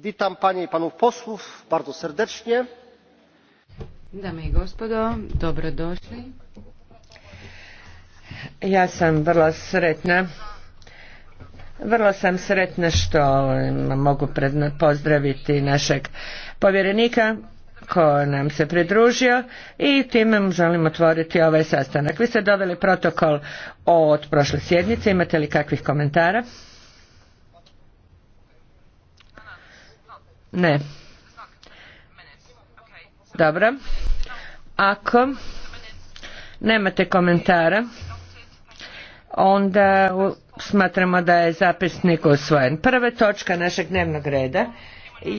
witam panie i panów posłów bardzo serdecznie. dame i gospodo ja sam vrlo sretna vrlo sam sretna što mogu pozdraviti našeg povjerenika ko nam se pridružio i time želim otvoriti ovaj sastanak. Vi ste doveli protokol od prošle sjednice, imate li kakvih komentara? Ne. Dobro. Ako nemate komentara, onda smatramo da je zapisnik usvojen. Prva točka našeg dnevnog reda